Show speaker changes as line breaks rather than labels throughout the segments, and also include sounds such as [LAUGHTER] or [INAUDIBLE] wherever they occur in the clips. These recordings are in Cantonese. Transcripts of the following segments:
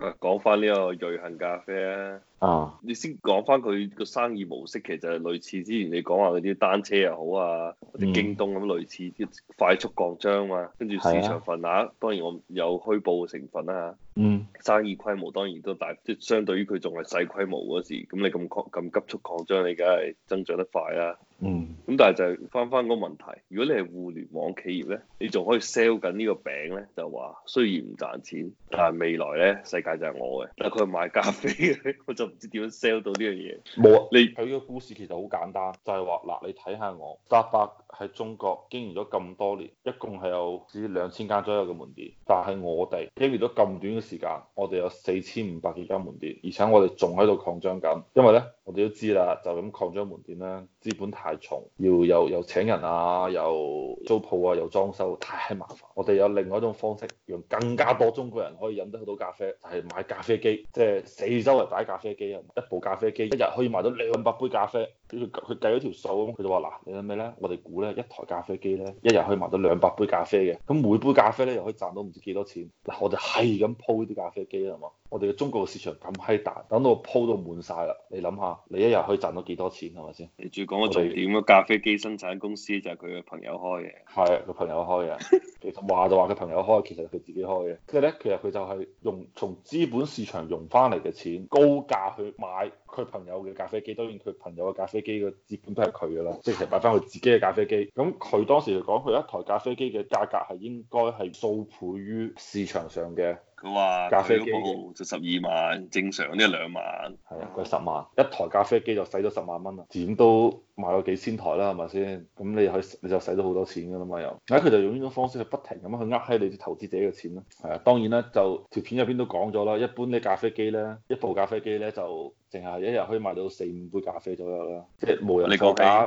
誒，講翻呢個瑞幸咖啡啊！啊！你先講翻佢個生意模式，其實係類似之前你講話嗰啲單車又好啊，或者京東咁類似啲快速擴張嘛。跟住市場份額當然我有虛報嘅成分啦。嗯。生意規模當然都大，即係相對於佢仲係細規模嗰時，咁你咁擴咁急速擴張，你梗係增長得快啦。嗯。咁但係就係翻翻嗰個問題，如果你係互聯網企業咧，你仲可以 sell 緊呢個餅咧，就話雖然唔賺錢，但係未來咧世界
就係我嘅。但係佢賣咖啡，我就。唔知點樣 sell 到呢樣嘢？冇啊！你佢個故事其實好簡單，就係話嗱，你睇下我達百喺中國經營咗咁多年，一共係有至兩千間左右嘅門店，但係我哋經歷咗咁短嘅時間，我哋有四千五百幾間門店，而且我哋仲喺度擴張緊，因為咧。我哋都知啦，就咁擴張門店啦。資本太重，要又又請人啊，又租鋪啊，又裝修，太麻煩。我哋有另外一種方式，讓更加多中國人可以飲得到咖啡，就係買咖啡機，即係四周圍擺咖啡機啊，一部咖啡機一日可以賣到兩百杯咖啡。佢計咗條數，咁佢就話：嗱，你諗咩咧？我哋估咧一台咖啡機咧，一日可以賣到兩百杯咖啡嘅，咁每杯咖啡咧又可以賺到唔知幾多錢。嗱，我哋係咁鋪啲咖啡機啦，係嘛？我哋嘅中國市場咁閪大，等到鋪到滿晒啦，你諗下，你一日可以賺到幾多錢係咪先？你再講我重點，個
咖啡機生產公司就係佢嘅朋友開
嘅。係個朋友開嘅，其實話就話佢朋友開，其實佢自己開嘅。跟住咧，其實佢就係用從資本市場融翻嚟嘅錢，高價去買佢朋友嘅咖啡機，當然佢朋友嘅咖啡機嘅資本都係佢噶啦，即係擺翻佢自己嘅咖啡機。咁佢當時就講，佢一台咖啡機嘅價格係應該係數倍於市場上嘅。
佢話咖啡機嗰個就十二萬，正常呢兩萬，
係啊，佢十萬一台咖啡機就使咗十萬蚊啊，點都賣咗幾千台啦，係咪先？咁你可以你就使咗好多錢噶啦嘛又，嗱，佢就用呢種方式去不停咁樣去呃起你啲投資者嘅錢咯。係啊，當然啦，就條片入邊都講咗啦，一般啲咖啡機咧，一部咖啡機咧就。淨係一日可以賣到四五杯咖啡左右啦，即係冇人。
你講架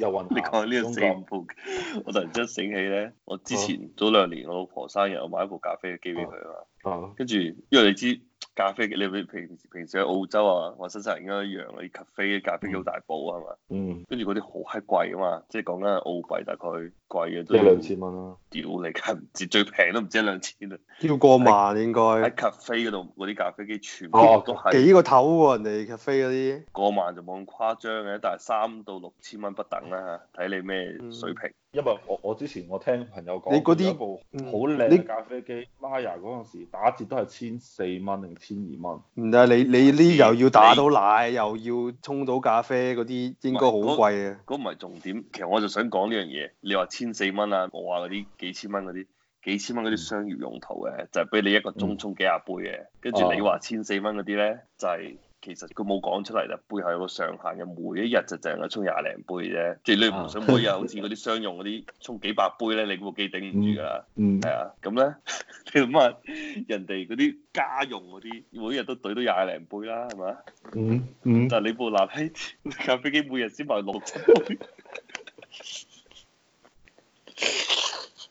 又運行 [LAUGHS] 你講呢個四五杯，國我突然之間醒起咧，我之前早兩年我老婆生日，我買一部咖啡機俾佢啊嘛，跟、啊、住因為你知。咖啡你咪平時平時喺澳洲啊或新西蘭應該一樣嗰啲咖啡啲咖啡好大部啊係嘛，嗯，跟住嗰啲好閪貴啊嘛，即係講緊澳幣大概貴嘅都要兩千蚊咯，屌你家唔知最平都唔知一兩千啊。要過萬 [LAUGHS] 在應該該喺咖啡嗰度嗰啲咖啡機全部都係幾個頭喎、啊、人哋咖啡嗰啲，過萬就冇咁誇張嘅，但係三到六千蚊不等啦吓，睇你咩水平。嗯因為我我之前
我聽朋友講，你嗰啲部好靚咖啡機你 Mia 嗰陣時打折都係千四蚊定千二蚊。唔係你你呢又要打到奶，你又要沖到咖啡嗰
啲，應該好貴啊。嗰唔係重點，其實我就想講呢樣嘢。你話千四蚊啊，我話嗰啲幾千蚊嗰啲，幾千蚊嗰啲商業用途嘅，就係俾你一個鐘沖幾廿杯嘅。跟住、嗯、你話千四蚊嗰啲咧，就係、是。其實佢冇講出嚟，就背後有個上限嘅，每一日就凈係衝廿零杯啫，即係你唔想每日好似嗰啲商用嗰啲衝幾百杯咧，你部機頂唔住噶啦、嗯，嗯，係啊，咁咧你諗下，人哋嗰啲家用嗰啲，每日都攰到廿零杯啦，係咪啊？
嗯 [LAUGHS]
但係你部冷氣咖啡機每日先賣六七杯。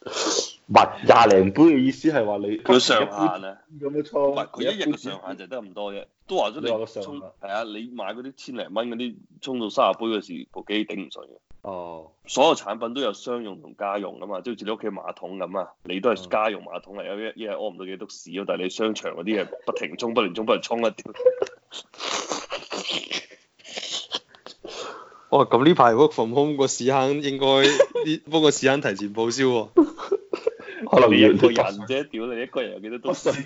[LAUGHS] [LAUGHS]
物廿零杯嘅意思係話你佢上限啊，
有冇錯？佢一日嘅上限就得咁多啫，都話咗你沖，係啊，你買嗰啲千零蚊嗰啲沖到三十杯嘅時，部機頂唔順哦。所有產品都有商用同家用㗎嘛，即好似你屋企馬桶咁啊，你都係家用馬桶嚟、嗯，一日屙唔到幾多屎，但係你商場嗰啲係不停沖、不停沖、不斷沖一啲。 [LAUGHS] 哦，咁呢排 work from home 個屎坑應該不幫個屎坑提前報銷喎、哦。
可能你一個人
啫，屌 [NOISE] 你一個人有幾多東西？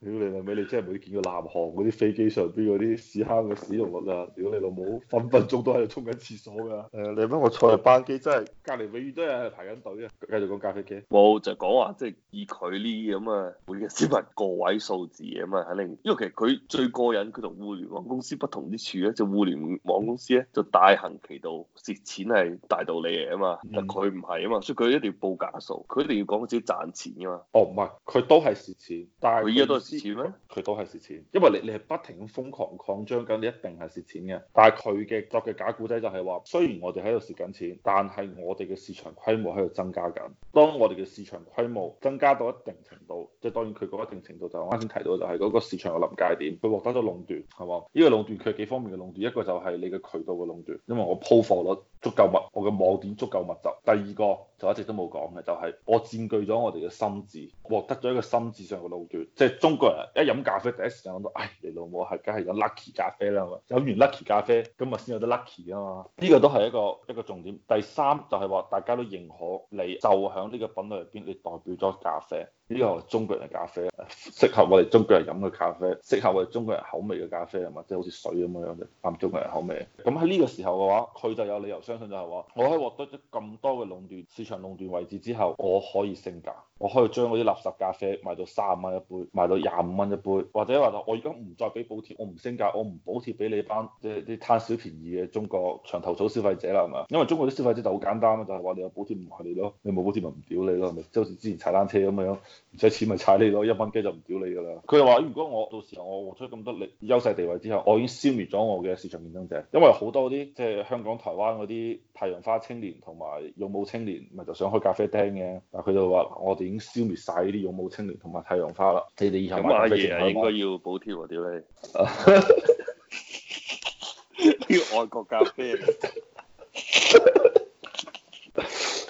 屌你老味，你真係冇見過南韓嗰啲飛機上邊嗰啲屎坑嘅使用率啊！屌你老母分分鐘都喺度沖緊廁所㗎。係、哎、你諗我坐喺班機真係隔離永遠都有排緊隊啊！繼續講咖啡機。
冇就講話即係以佢呢啲咁啊，每嘅，支付個位數字啊嘛，肯定因為其實佢最過癮，佢同互聯網公司不同之處咧，就是、互聯網公司咧就大行其道，蝕錢係大道理嚟啊嘛。但佢唔係啊嘛，所以佢一定要報假
數，佢一定要講自己賺錢㗎嘛。哦，唔係，佢都係蝕錢，但係佢依家都。蝕錢咧，佢都係蝕錢，因為你你係不停咁瘋狂擴張緊，你一定係蝕錢嘅。但係佢嘅作嘅假古仔就係話，雖然我哋喺度蝕緊錢，但係我哋嘅市場規模喺度增加緊。當我哋嘅市場規模增加到一定程度，即係當然佢嗰一定程度就係我啱先提到就係嗰個市場嘅臨界點，佢獲得咗壟斷，係嘛？呢個壟斷佢有幾方面嘅壟斷，一個就係你嘅渠道嘅壟斷，因為我鋪貨率足夠密，我嘅網點足夠密集。第二個就一直都冇講嘅，就係、是、我佔據咗我哋嘅心智，獲得咗一個心智上嘅壟斷。斷，即係中國人一飲咖啡第一時間諗到：「唉，你老母係梗係有 Lucky 咖啡啦嘛，飲完 Lucky 咖啡咁啊先有得 Lucky 啊嘛，呢、這個都係一個一個重點。第三就係、是、話大家都認可你就喺呢個品類入邊，你代表咗咖啡。呢個中國人咖啡，適合我哋中國人飲嘅咖啡，適合我哋中國人口味嘅咖啡，係咪即係好似水咁樣樣嘅啱中國人口味？咁喺呢個時候嘅話，佢就有理由相信就係話，我可以獲得咗咁多嘅壟斷市場壟斷位置之後，我可以升價，我可以將嗰啲垃圾咖啡賣到三十蚊一杯，賣到廿五蚊一杯，或者話我而家唔再俾補貼，我唔升價，我唔補貼俾你班即係啲貪小便宜嘅中國長頭草消費者啦，係咪？因為中國啲消費者就好簡單，就係話你有補貼唔係你咯，你冇補貼咪唔屌你咯，係咪？即好似之前踩單車咁樣樣。唔使錢咪踩你咯，一蚊雞就唔屌你噶啦。佢又話：如果我到時候我做出咁多力優勢地位之後，我已經消滅咗我嘅市場競爭者，因為好多啲即係香港、台灣嗰啲太陽花青年同埋勇武青年，咪就想開咖啡廳嘅。但佢就話：我哋已經消滅晒呢啲勇武青年同埋太陽花啦。你哋以後買嘢應該
要補貼喎，屌你！要外國咖啡。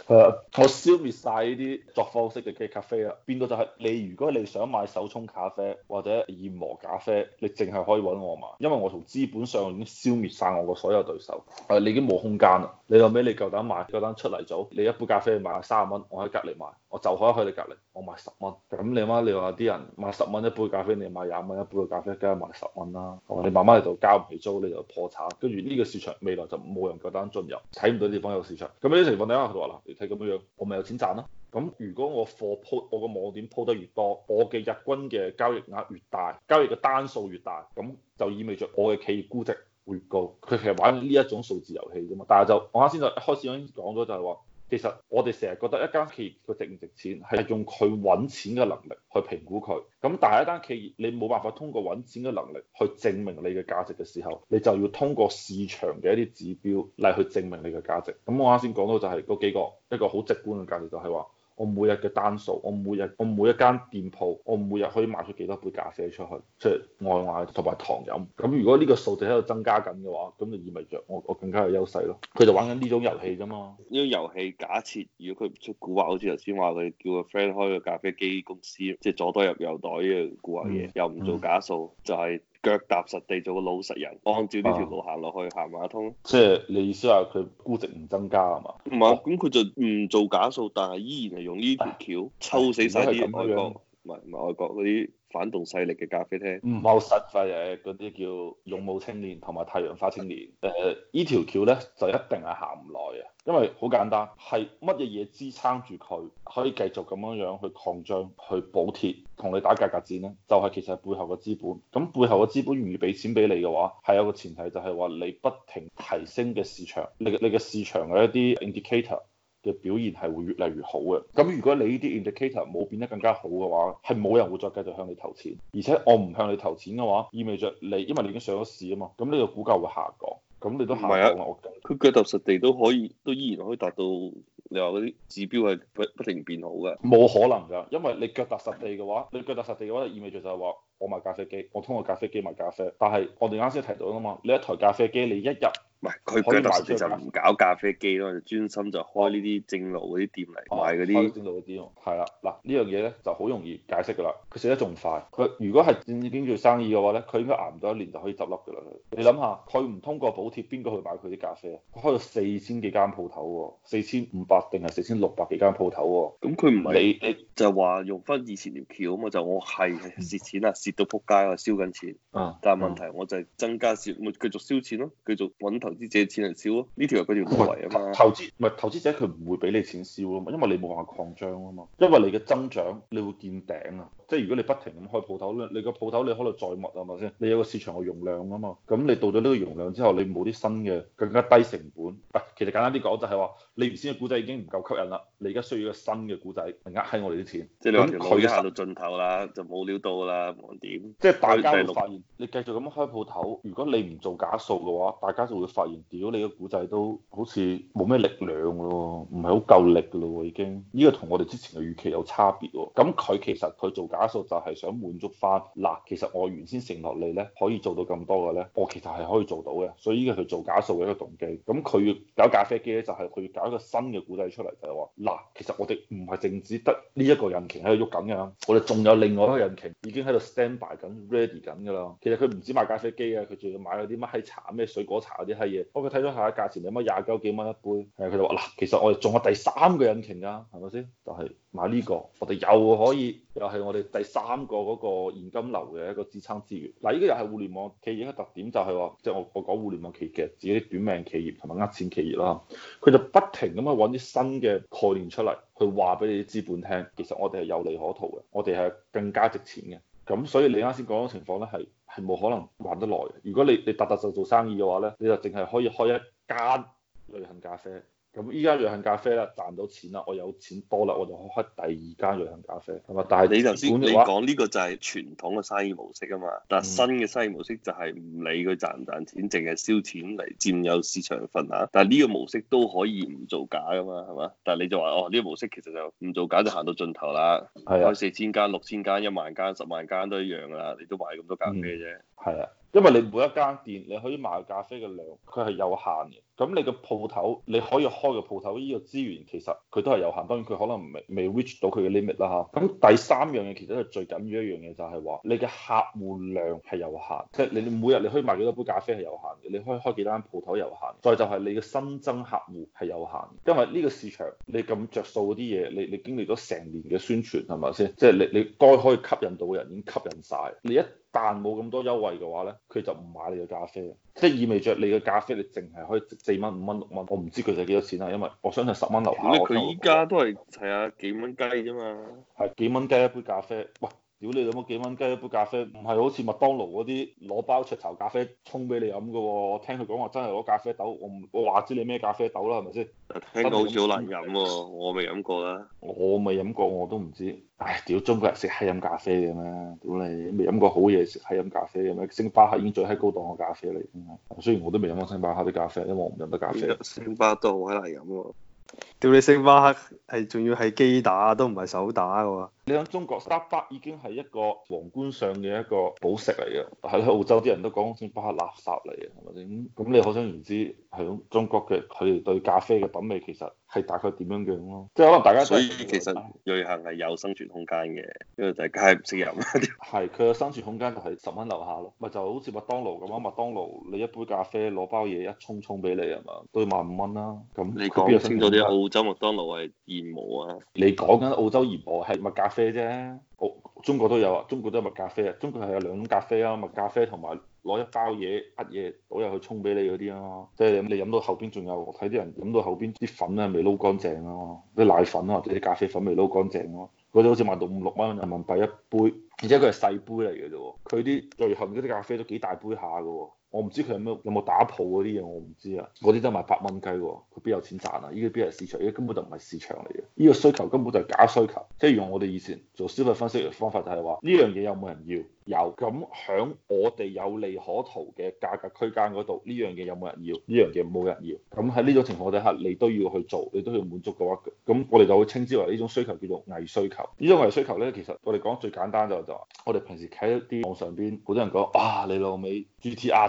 誒，我消滅晒呢啲作坊式嘅咖啡啦。變到就係你？如果你想買手沖咖啡或者研磨咖啡，你淨係可以揾我買，因為我從資本上已經消滅晒我個所有對手。誒，你已經冇空間啦。你後屘你夠膽買，夠膽出嚟做？你一杯咖啡賣三十蚊，我喺隔離賣，我就可以去你隔離，我賣十蚊。咁你媽，你話啲人賣十蚊一杯咖啡，你賣廿蚊一杯咖啡，梗係賣十蚊啦。我你慢慢嚟做，交唔起租你就破產，跟住呢個市場未來就冇人夠膽進入，睇唔到地方有市場。咁呢啲情況大家佢度話嗱。係咁樣樣，我咪有錢賺咯。咁如果我貨鋪我個網點鋪得越多，我嘅日均嘅交易額越大，交易嘅單數越大，咁就意味著我嘅企業估值會越高。佢其實玩呢一種數字遊戲啫嘛。但係就我啱先就一開始講咗就係話。其實我哋成日覺得一間企業佢值唔值錢，係用佢揾錢嘅能力去評估佢。咁但係一間企業你冇辦法通過揾錢嘅能力去證明你嘅價值嘅時候，你就要通過市場嘅一啲指標嚟去證明你嘅價值。咁我啱先講到就係嗰幾個，一個好直觀嘅價值，就係話。我每日嘅單數，我每日我每一間店鋪，我每日可以賣出幾多杯咖啡出去，即係外賣同埋堂飲。咁如果呢個數字喺度增加緊嘅話，咁就意味著我我更加有優勢咯。佢就玩緊呢種遊戲啫嘛。呢
種遊戲假設，如果佢唔出古惑，好似頭先話佢叫個 friend 開個咖啡機公司，即係左袋入右袋嘅古惑嘢，嗯、又唔做假數，嗯、就係、是。腳踏實地做個老實人，按照呢條路行落去行埋、啊、通。
即係你意思話佢估值唔增加吖嘛？唔係，
咁佢就唔做假數，但係依然係用呢條橋、啊、抽死曬啲外國，唔係
唔係外國嗰啲反動勢力嘅咖啡廳。唔好失費誒，嗰啲叫勇武青年同埋太陽花青年。誒、呃，條條呢條橋咧就一定係行唔耐啊！因為好簡單，係乜嘢嘢支撐住佢可以繼續咁樣樣去擴張、去補貼、同你打價格戰呢？就係其實係背後嘅資本。咁背後嘅資本願意俾錢俾你嘅話，係有個前提就係話你不停提升嘅市場，你嘅你嘅市場嘅一啲 indicator 嘅表現係會越嚟越好嘅。咁如果你呢啲 indicator 冇變得更加好嘅話，係冇人會再繼續向你投錢。而且我唔向你投錢嘅話，意味着你因為你已經上咗市啊嘛，咁呢個股價會下降。咁你都唔係啊！佢腳踏實地都可以，都依然可以達到你話嗰啲指標係不不停不變好嘅。冇可能㗎，因為你腳踏實地嘅話，你腳踏實地嘅話就意味住就係話我買咖啡機，我通過咖啡機賣咖啡。但係我哋啱先提到啦嘛，你一台咖啡機你一日。唔係佢就唔搞咖啡機咯，就專心就開呢啲正路嗰啲店嚟賣嗰啲。啲喎、啊。係啦，嗱呢樣嘢咧就好容易解釋㗎啦。佢食得仲快，佢如果係正經做生意嘅話咧，佢應該捱唔到一年就可以執笠㗎啦。你諗下，佢唔通過補貼，邊個去買佢啲咖啡啊？開咗四千幾間鋪頭喎，四千五百定係四千六百幾間鋪頭喎。咁佢唔理誒，
就話用翻以前條橋啊嘛，就我係蝕錢， [LAUGHS] 錢啊，蝕到撲街啊，燒緊錢。
啊。但係問題
我就係增加蝕，我、嗯、繼續燒錢咯，繼續揾投資者錢嚟
燒咯，呢條佢條路嚟啊嘛。投資唔係投資者佢唔會俾你錢燒咯嘛，因為你冇話擴張啊嘛。因為你嘅增長你會見頂啊，即係如果你不停咁開鋪頭咧，你個鋪頭你可能再密係咪先？你有個市場嘅容量啊嘛。咁你到咗呢個容量之後，你冇啲新嘅更加低成本。唔其實簡單啲講就係話，你原先嘅故仔已經唔夠吸引啦，你而家需要一個新嘅故仔嚟呃喺我哋啲錢。咁佢行到盡頭啦，就冇料到啦，點？即係大家會發現，你繼續咁開鋪頭，如果你唔做假數嘅話，大家就會。發現屌你個古仔都好似冇咩力量咯，唔係好夠力嘅咯，已經呢、呢個同我哋之前嘅預期有差別喎。咁、嗯、佢其實佢做假數就係想滿足翻嗱，其實我原先承諾你咧可以做到咁多嘅咧，我其實係可以做到嘅，所以呢個佢做假數嘅一個動機。咁、嗯、佢搞咖啡機咧，就係佢搞一個新嘅古仔出嚟，就係話嗱，其實我哋唔係淨止得呢一個引擎喺度喐緊嘅，我哋仲有另外一個引擎已經喺度 standby 緊、ready 緊㗎啦。其實佢唔止賣咖啡機啊，佢仲要賣嗰啲乜閪茶、咩水果茶嗰啲幫佢睇咗下價錢，有乜廿九幾蚊一杯？係佢就話嗱，其實我哋仲有第三個引擎㗎，係咪先？就係買呢個，我哋又可以又係我哋第三個嗰個現金流嘅一個支撐資源。嗱，呢個又係互聯網企業嘅特點，就係話，即係我我講互聯網企業，自己短命企業同埋呃錢企業啦，佢就不停咁樣揾啲新嘅概念出嚟，去話俾你啲資本聽，其實我哋係有利可圖嘅，我哋係更加值錢嘅。咁所以你啱先講嘅情況咧，係。冇可能玩得耐。如果你你踏踏實實做生意嘅話咧，你就淨係可以開一間瑞幸咖啡。咁依家瑞幸咖啡咧賺到錢啦，我有錢多啦，我就開第二間瑞幸咖啡，係嘛？但係你頭先你講
呢個就係傳統嘅生意模式噶嘛，但係新嘅生意模式就係唔理佢賺唔賺錢，淨係燒錢嚟佔有市場份額，啊。但係呢個模式都可以唔造假噶嘛，係嘛？但係你就話哦，呢、呢個模式其實就唔造假就行到盡頭啦，開、啊、四千間、六千間、一萬間、十萬間都一樣啦，你都賣咁多
咖啡啫。係啊，因為你每一間店你可以賣咖啡嘅量，佢係有限嘅。咁你個鋪頭你可以開個鋪頭，呢個資源其實佢都係有限，當然佢可能未未 reach 到佢嘅 limit 啦嚇。咁、啊、第三樣嘢其實係最緊要一樣嘢，就係話你嘅客戶量係有限，即係你每日你可以買幾多杯咖啡係有限嘅，你可以開幾單鋪頭有限。再就係你嘅新增客戶係有限，因為呢個市場你咁着數嗰啲嘢，你你，你經歷咗成年嘅宣傳係咪先？即係、就是、你你該可以吸引到嘅人已經吸引晒。你一旦冇咁多優惠嘅話呢佢就唔買你嘅咖啡，即、就、係、是、意味着你嘅咖啡你淨係可以。四蚊五蚊六蚊，我唔知佢哋幾多錢啊。因為我相信十蚊樓下。佢依
家都係係啊幾蚊雞啫嘛。
係幾蚊雞一杯咖啡？喂！屌你攞乜幾蚊雞一杯咖啡？唔係好似麥當勞嗰啲攞包雀巢咖啡沖俾你飲噶喎！我聽佢講話真係攞咖啡豆，我唔我話知你咩咖啡豆啦，係咪先？聽到好似好難飲喎，我未飲過啦。我未飲過我都唔知。唉，屌中國人食閪飲咖啡嘅咩？屌你未飲過好嘢食閪飲咖啡嘅咩？星巴克已經最閪高檔嘅咖啡嚟，雖然我都未飲過星巴克啲咖啡，因為我唔飲得咖啡。
星巴克都好難飲喎。屌你、啊、星巴克係仲、啊、要係機打都唔係手打嘅喎。 [LAUGHS]
你喺中國 Starbucks 已經係一個皇冠上嘅一個寶石嚟嘅，係咯？澳洲啲人都講 Starbucks 垃圾嚟嘅，係咪咁你可想而知，喺中國嘅佢哋對咖啡嘅品味其實係大概點樣樣咯？即係可能大家所以其實
瑞幸係有生存空間嘅，因為大家係唔識飲。
係， [LAUGHS] 佢嘅生存空間就係十蚊樓下咯，咪就好似麥當勞咁啊！麥當勞你一杯咖啡攞包嘢一沖沖俾你吖嘛？都要萬五蚊啦，咁你講清楚啲，澳洲麥當勞係。研磨啊！你講緊澳洲研磨係麥咖啡啫，澳中國都有啊，中國都有麥咖啡啊，中國係有兩種咖啡啊，麥咖啡同埋攞一包嘢乜嘢倒入去沖俾你嗰啲啊，即係你飲到後邊仲有睇啲人飲到後邊啲粉啊，未撈乾淨啊，啲奶粉啊或者啲咖啡粉未撈乾淨咯，嗰啲好似賣到五六蚊人民幣一杯，而且佢係細杯嚟嘅啫，佢啲最後面嗰啲咖啡都幾大杯下嘅喎。我唔知佢有咩有冇打譜嗰啲嘢，我唔知啊。嗰啲得賣八蚊雞，佢邊有錢賺啊？呢啲邊係市場？呢啲根本就唔係市場嚟嘅。呢個需求根本就係假需求。即係用我哋以前做消費分析嘅方法，就係話呢樣嘢有冇人要？有。咁喺我哋有利可圖嘅價格區間嗰度，呢樣嘢有冇人要？呢樣嘢冇人要。咁喺呢種情況底下，你都要去做，你都要滿足嘅話的，咁我哋就會稱之為呢種需求叫做偽需求。呢種偽需求咧，其實我哋講最簡單就就，我哋平時喺一啲網上邊好多人講，啊，你老味。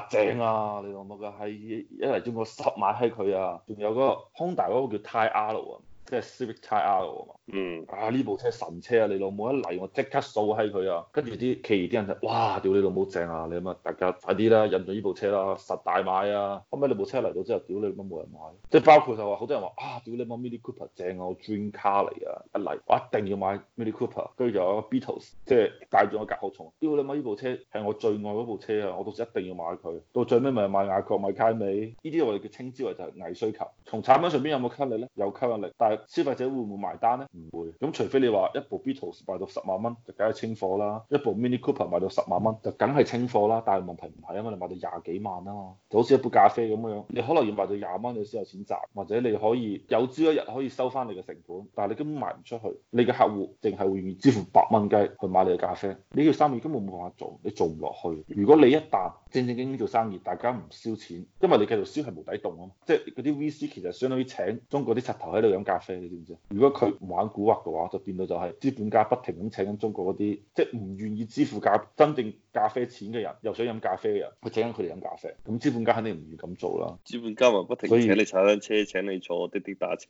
正啊，你老母嘅係一嚟，將我濕埋喺佢啊，仲有個康達嗰個叫泰 L 啊。R 即係 Civic Type R 啊嘛，lo, 嗯，啊呢部車神車啊，你老母一嚟我即刻掃閪佢啊，跟住啲騎兒啲人就哇，屌你老母正啊，你諗大家快啲啦，引咗呢部車啦，實大買啊，後尾你部車嚟到之後，屌你老母冇人買，即係包括就話好多人話啊，屌你老母 Mini Cooper 正啊，我 dream car 嚟啊，一嚟我一定要買 Mini Cooper，跟住仲有 Beatles，即係帶住我甲殼蟲。屌你老母呢部車係我最愛嗰部車啊，我到時一定要買佢，到最尾咪係買雅閣買凱美。呢啲我哋叫稱之為就係偽需求，從產品上邊有冇吸引力咧？有吸引力，但係。消費者會唔會埋單呢？唔會。咁除非你話一部 Beetle 賣到十萬蚊，就梗係清貨啦；一部 Mini Cooper 賣到十萬蚊，就梗係清貨啦。但係問題唔係因為，你賣到廿幾萬啊嘛，就好似一杯咖啡咁樣，你可能要賣到廿蚊你先有錢賺，或者你可以有朝一日可以收翻你嘅成本，但係你根本賣唔出去。你嘅客戶淨係會願意支付百蚊雞去買你嘅咖啡，你叫生意根本冇辦法做，你做唔落去。如果你一旦正正經經做生意，大家唔燒錢，因為你繼續燒係無底洞啊嘛，即係嗰啲 VC 其實相當於請中國啲柒頭喺度飲咖啡。你知唔知如果佢玩蠱惑嘅話，就變到就係資本家不停咁請緊中國嗰啲，即係唔願意支付咖真正咖啡錢嘅人，又想飲咖啡嘅人，佢請緊佢哋飲咖啡。咁資本家肯定唔願意咁做啦。
資本家咪不停請你踩單車，以請你坐滴滴打車。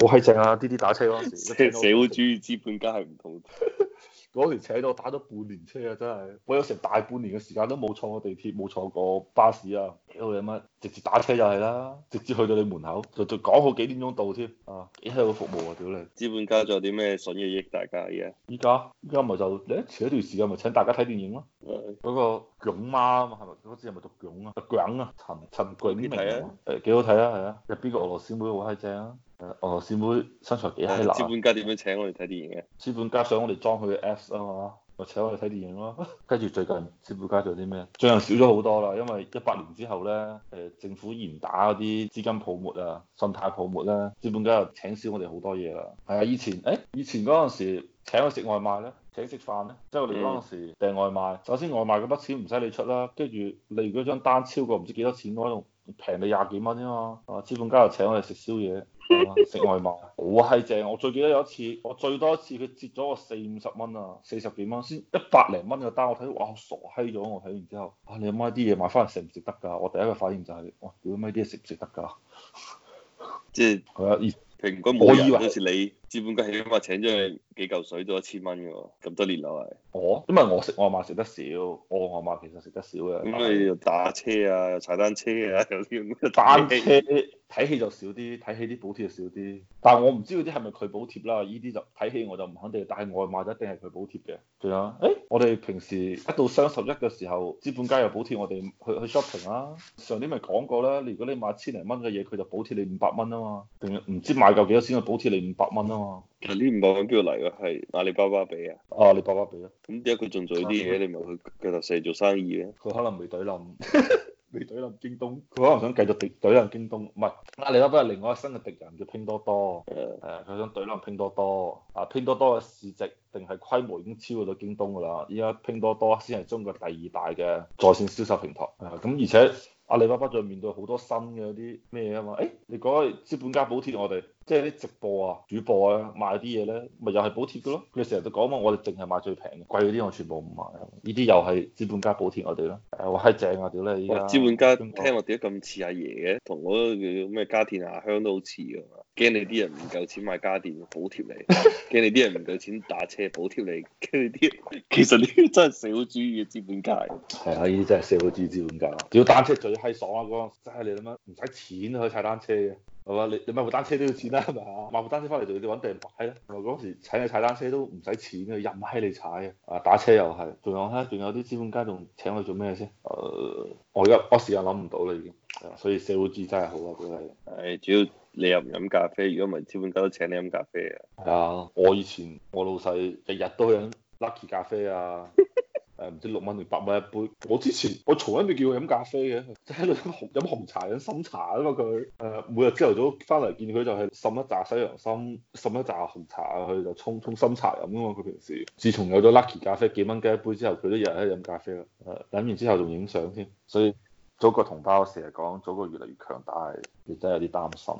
好閪 [LAUGHS] [LAUGHS] 正啊！滴滴打車咯，即係社會主義資本家係唔同。 [LAUGHS] 嗰條請到我打咗半年車啊！真係，我有成大半年嘅時間都冇坐過地鐵，冇坐過巴士啊！屌你乜？直接打車就係啦，直接去到你門口，就仲講好幾點鐘到添啊！幾好嘅服務啊！屌你！
資本家仲有啲咩順嘅益大家嘅？
依家依家咪就你、欸、遲一段時間咪請大家睇電影咯，嗰個囧媽啊嘛，係咪？好似係咪讀囧啊？囧的啊，啊！陳陳炯明誒幾好睇啊，係啊！欸、啊入邊個俄羅斯妹好閪正啊！俄羅斯妹身材幾閪辣。資本家點樣請我哋睇電影嘅、啊？資本家想我哋裝佢。Apps 啊嘛，或者我去睇電影咯。跟 [LAUGHS] 住最近資本家做啲咩？最近少咗好多啦，因為一八年之後咧，誒政府嚴打嗰啲資金泡沫啊、信貸泡沫咧、啊，資本家又請少我哋好多嘢啦。係啊，以前誒、欸、以前嗰陣時請我食外賣咧，請食飯咧，即係我哋嗰陣時訂外賣，首先外賣嗰筆錢唔使你出啦，跟住你如果張單超過唔知幾多錢嗰度，平你廿幾蚊啫嘛，啊資本家又請我哋食宵夜。 [LAUGHS] 食外賣好閪正，我最記得有一次，我最多一次佢折咗我四五十蚊啊，四十幾蚊先一百零蚊嘅單，我睇，哇我傻閪咗，我睇完之後，啊你阿媽啲嘢買翻嚟食唔食得㗎？我第一個反應就係、係、哇，屌你媽啲嘢食唔食得㗎？即係係啊， [LAUGHS] 嗯、
平均每日好似你。資本家起碼請咗你幾嚿水都一千蚊嘅喎，咁多年落嚟，
我、哦、因為我食外賣食得少，我外賣其實食得少嘅，咁你是
又打車啊、踩單車啊，有啲單車
睇 [LAUGHS] 戲就少啲，睇戲啲補貼就少啲。但係我唔知嗰啲係咪佢補貼啦，呢啲就睇戲我就唔肯定，但係外賣就一定係佢補貼嘅。仲有、啊，誒、欸，我哋平時一到雙十一嘅時候，資本家又補貼我哋去去 shopping 啦、啊。上年咪講過啦，如果你買千零蚊嘅嘢，佢就補貼你五百蚊啊嘛，定唔知買夠幾多先去補貼你五百蚊啊？啊！嗱，呢五百萬邊度嚟㗎？係阿里巴巴俾啊！阿里巴巴俾啊！
咁而家佢仲做啲嘢，你咪去佢佢頭做生意嘅？佢可能未懟冧，
未懟冧京東。佢可能想繼續對懟冧京東，唔係阿里巴巴係另外一個新嘅敵人叫拼多多。誒誒的，佢、啊、想懟冧拼多多。啊，拼多多嘅市值定係規模已經超過咗京東㗎啦。而家拼多多先係中國第二大嘅在線銷售平台。誒咁、啊，而且阿里巴巴仲面對好多新嘅啲咩啊嘛？誒、欸，你講下資本家補貼我哋。即係啲直播啊、主播啊賣啲嘢咧，咪又係補貼嘅咯。佢成日都講嘛，我哋淨係賣最平嘅，貴嗰啲我全部唔賣。呢啲又係資本家補貼我哋咯、啊。誒、啊，好閪正啊！屌你依家資本家，
聽我點解咁似阿爺嘅？同我咩家電啊、香都好似嘅。驚你啲人唔夠錢買家電，補貼你；驚你啲人唔夠錢打車，補貼你。驚你啲，
其實呢啲真係社會主義嘅資本家。
係啊，呢啲真係社會主義資本家。屌單車
最閪爽，爽、那個、啊！嗰個真係你諗乜，唔使錢去踩單車嘅。係嘛？你買你買部單車都要錢啦，係咪買部單車翻嚟就要你揾地擺啦。嗰時請你踩單車都唔使錢嘅，任閪你踩啊！打車又係，仲有咧，仲有啲資本家仲請佢做咩先？誒、呃，我而家我時間諗唔到啦，已經。所以社會主義真係好啊，佢係。誒，主要你又唔飲咖啡，如果唔係，資本家都請你飲咖啡啊。係啊，我以前我老細日日都去飲 Lucky 咖啡啊。誒，唔知六蚊定八蚊一杯，我之前我從來未叫佢飲咖啡嘅，就喺度飲飲紅茶、飲深茶啊嘛。佢誒，每日朝頭早翻嚟見佢就係浸一紮西洋參、浸一紮紅茶啊，佢就沖沖深茶飲噶嘛佢平時，自從有咗 Lucky 咖啡幾蚊雞一杯之後，佢都日日喺飲咖啡啦，誒，飲完之後仲影相添，所以祖國同胞成日講祖國越嚟越強大，亦真係有啲擔心。